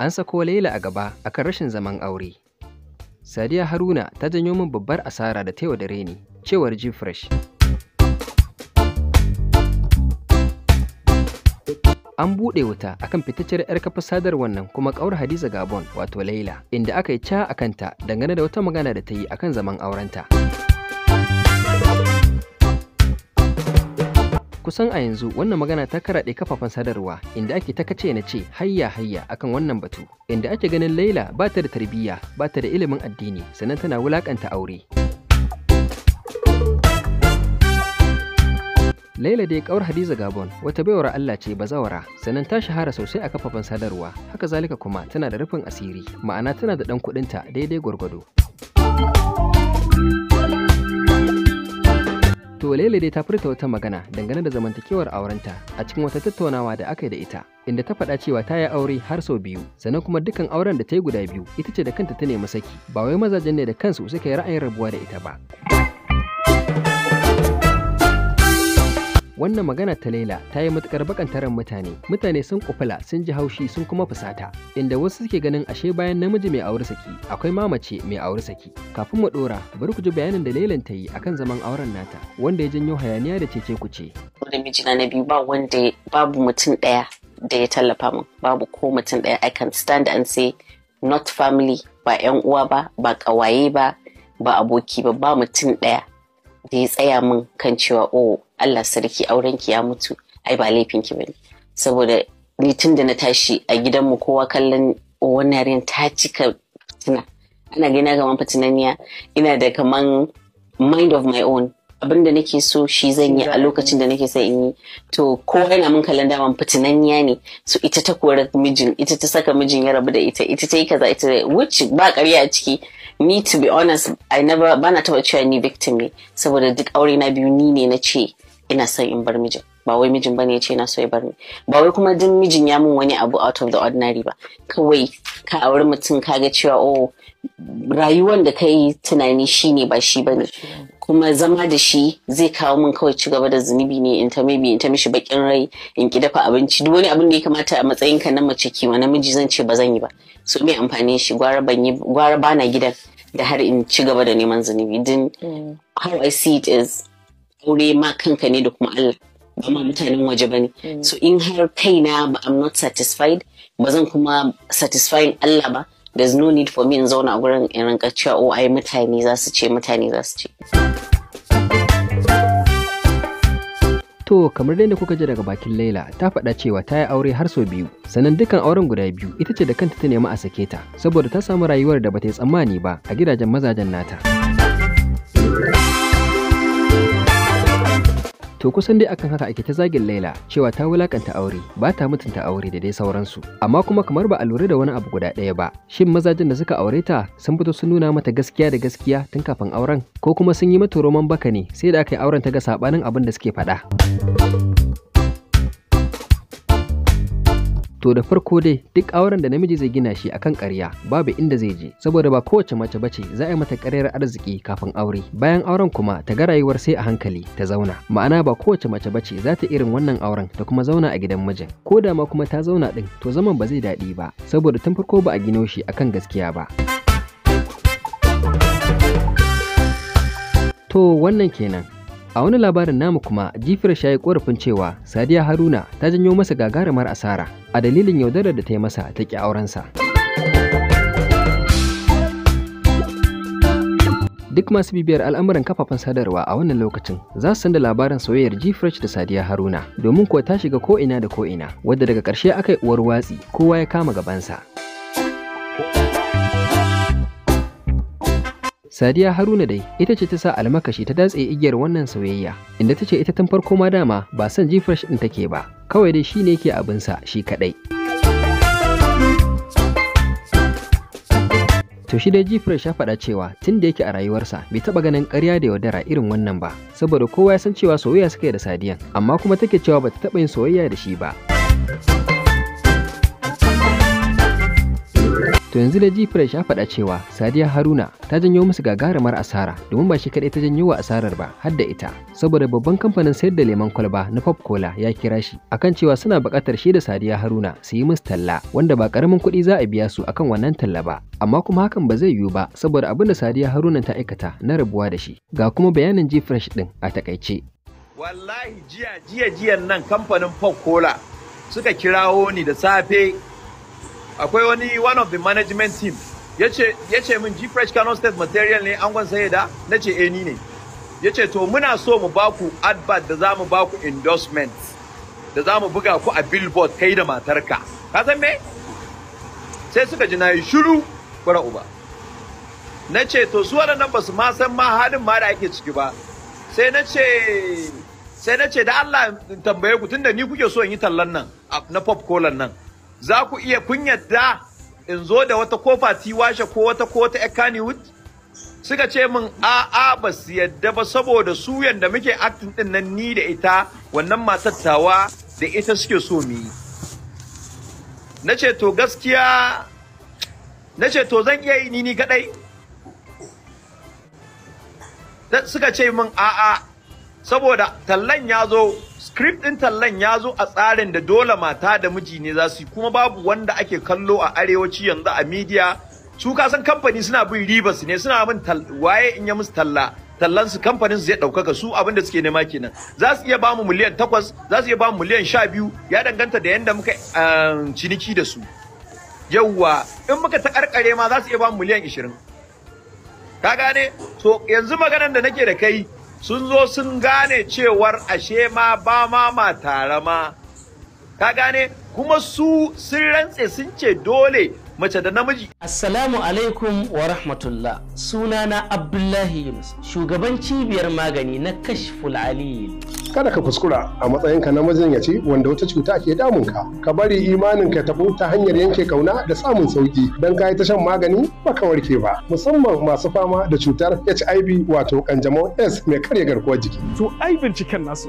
An sako Laila a gaba akan rashin zaman aure. Sadiya Haruna ta janyo min babbar asara da taiwa da reni, cewar G-Fresh. An buɗe wuta akan fitaccen 'yar kafa sadarwar nan kuma ƙaura Hadiza Gabon wato Laila, inda aka yi ca a kanta dangane da wata magana da ta yi akan zaman aurenta. kusan a yanzu wannan magana ta karaɗe kafafen sadarwa inda ake ta kace na ce hayya hayya akan wannan batu inda ake ganin Laila ba ta da tarbiyya ba ta da ilimin addini sannan tana wulakanta aure. Laila dai kawar Hadiza Gabon wata baiwar Allah ce bazawara sannan ta shahara sosai a kafafen sadarwa haka zalika kuma tana da rufin asiri ma'ana tana da ɗan kuɗinta daidai gwargwado. To Lele dai ta furta wata magana dangane da zamantakewar aurenta a cikin wata tattaunawa da aka yi da ita, inda ta faɗa cewa ta yi aure har sau biyu, sannan kuma dukkan auren da ta yi guda biyu ita ce da kanta ta nemi saki, ba wai mazajen ne da kansu suka yi ra'ayin rabuwa da ita ba. wannan magana ta laila ta yi matukar taron mutane mutane sun kufula sun ji haushi sun kuma fusata inda wasu suke ganin ashe bayan namiji mai aure saki akwai mamace mai aure saki kafin mu dora bari ku ji bayanin da lailan ta yi akan zaman auren nata wanda ya janyo hayaniya da cece kuce Wanda miji na biyu ba wanda babu mutum daya da ya tallafa min babu ko mutum daya i can stand and say not family ba yan uwa ba ba kawaye ba ba aboki ba ba mutum daya da ya tsaya min kan cewa o oh, Allah sarki auren ki ya mutu ai ba laifin ki bane saboda ni tun da na tashi a gidanmu kowa kallon wannan yarin ta cika fitina ana gina kaman fitinaniya ina da kaman mind of my own abin da nake so shi zan yi a lokacin da nake son in yi to kowa yana mun kallon daman fitinanniya ne so ita ta kora mijin ita ta saka mijin ya rabu da ita ita ta yi kaza ita which ba ƙarya a ciki Me, to be honest i never bana taba cewa ni victim ne saboda duk aure na biyu ni ne na ce ina son in bar mijin ba wai mijin bane ya ce na so ya bar ni ba wai kuma duk mijin ya mun wani abu out of the ordinary ba kawai ka auri mutum ka ga cewa oh Rayuwan da kai tunani shine ba shi bane kuma zama da shi zai kawo min kawai ci gaba da zunubi ne in ta in ta mishi bakin rai in ki dafa abinci duk wani abin da ya kamata a matsayin ka na mace ki namiji zan ce ba zan yi ba so me amfani shi gwara ban yi gwara bana gidan da har in ci gaba da neman zunubi din mm. how I see it is aure ma kanka ne da kuma Allah ba ma mutanen waje bane mm. so in har kaina ba I'm not satisfied ba zan kuma satisfying Allah ba there's no need for me in zauna gurin in rinka cewa o oh, ai mutane za su ce mutane za su ce To kamar dai da kuka ji daga bakin Laila ta faɗa cewa ta yi aure har sau biyu sannan dukkan auren guda biyu ita ce da kanta ta nemi a sake ta saboda ta samu rayuwar da ba ta yi tsammani ba a gidajen mazajen nata. To kusan dai akan haka ake ta zagin Laila cewa ta wulakanta aure, ba ta mutunta aure da dai sauransu. Amma kuma kamar ba a lura da wani abu guda ɗaya ba. Shin mazajin da suka aure ta sun fito sun nuna mata gaskiya da gaskiya tun kafin auren ko kuma sun yi mata roman baka ne sai da aka yi auren ta ga sabanin abin da suke faɗa. To da farko dai duk auren da namiji zai gina shi akan ƙarya babu inda zai je saboda ba kowace mace bace za a yi mata ƙaryar arziki kafin aure bayan auren kuma ta ga rayuwar sai a hankali ta zauna ma'ana ba kowace mace bace za ta irin wannan auren ta kuma zauna a gidan mijin ko da ma kuma ta zauna din to zaman ba zai daɗi ba saboda tun farko ba a gino shi akan gaskiya ba. To wannan kenan A wani labarin namu kuma jifir shayi korafin cewa Sadiya Haruna ta janyo masa gagarumar asara a dalilin yaudarar da ta yi masa ta ki aurensa. Duk masu bibiyar al'amuran kafafen sadarwa a wannan lokacin za su san da labarin soyayyar G-Fresh da Sadiya Haruna domin kuwa ta shiga ko'ina da ko'ina wadda daga ƙarshe aka yi uwar watsi kowa ya kama gabansa. Sadiya Haruna dai ita ce ta sa almakashi ta datse igiyar wannan soyayya inda ta ce ita tun farko ma dama ba son fresh ɗin take ba kawai dai shi ne ke abinsa shi kaɗai. To shi dai Jifre ya faɗa cewa tun da yake a rayuwarsa bai taɓa ganin ƙarya da yaudara irin wannan ba, saboda kowa ya san cewa soyayya suka da Sadiyan, amma kuma take cewa bata taɓa yin soyayya da shi ba. To yanzu da fresh ya faɗa cewa Sadiya Haruna ta janyo musu gagarumar asara domin ba shi kaɗai ta janyo wa asarar ba har da ita saboda babban kamfanin sayar da lemon kwalba na Pop Cola ya kira shi akan cewa suna buƙatar shi da Sadiya Haruna su yi musu talla wanda ba ƙaramin kuɗi za a biya su akan wannan talla ba amma kuma hakan ba zai yiwu ba saboda abin da Sadiya Haruna ta aikata na rabuwa da shi ga kuma bayanin fresh din a takaice. Wallahi jiya jiya jiyan nan kamfanin Pop Cola suka kirawo ni da safe akwai wani one of the management team ya ce min G.Fresh fresh Kano State material ne angon saye da na ce eh ni ne ya ce to muna so mu baku advert da za mu baku endorsement da za mu buga ku a billboard kai da matarka ka san me sai suka ji na yi shiru bara uba na ce to su waɗannan ba su ma san ma halin ma da ake ciki ba sai na ce sai na ce da Allah tambaye ku tunda ni kuke so in yi tallan nan na pop kolan nan za ku iya kun yadda in zo da wata kofa tiwashe ko wata ko wata ekaniwood suka ce min a'a ba su yadda ba saboda su yadda muke aktin din nan ni da ita wannan matattawa da ita suke so mu yi na ce to gaskiya na ce to zan iya yi ni ni kadai suka ce min a'a saboda tallan ya zo script ɗin tallan ya zo a tsarin da dole mata da miji ne za su yi kuma babu wanda ake kallo a arewaci yanzu a media su ka san kamfani suna bin ribas ne suna bin waye in ya musu talla tallan su kamfanin su zai ɗaukaka su abin da suke nema kenan za su iya bamu miliyan takwas za su iya bamu miliyan sha biyu ya danganta da yanda muka um, ciniki da su yawwa in muka ta karkare ma za su iya bamu miliyan ishirin ka gane to yanzu maganar da nake da kai sun zo sun gane cewar ashe ma ba ma ma tare ma ka gane kuma su sun rantse sun ce dole mace da namiji assalamu alaikum wa rahmatullah na abdullahi yunus shugaban cibiyar magani na kashful aliyu kada ka kuskura a matsayinka na ce wanda wata cuta ke damun ka ka bari imanin ka tabo ta hanyar yanke kauna da samun sauki don ka yi ta shan magani ba ka warke ba musamman masu fama da cutar hiv wato kanjamau s mai karya garkuwar jiki to ai binciken nasu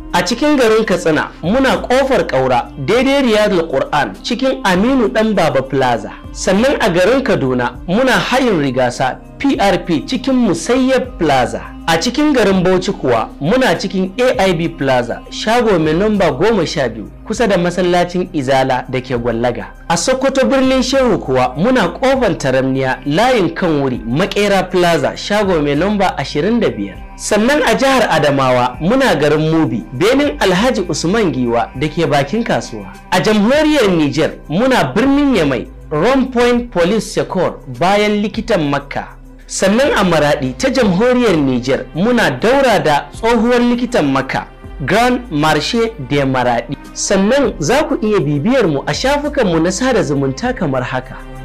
a cikin garin katsina muna ƙofar ƙaura daidai riyadul qur'an cikin aminu dan baba plaza sannan a garin kaduna muna hayin rigasa prp cikin musayyar plaza a cikin garin bauchi kuwa muna cikin aib plaza shago mai namba goma sha biyu kusa da masallacin izala da ke gwallaga a sokoto birnin shehu kuwa muna kofar taramniya layin kan wuri makera plaza shago mai namba 25 sannan a jihar adamawa muna garin mubi benin alhaji usman giwa da ke bakin kasuwa a jamhuriyar niger muna birnin yamai Rome Point Police Secor bayan likitan Makka. Sannan a Maraɗi ta jamhuriyar Nijar muna daura da tsohuwar likitan Makka Grand Marche de Maraɗi. Sannan za ku iya bibiyar mu a shafukanmu na sada zumunta kamar haka.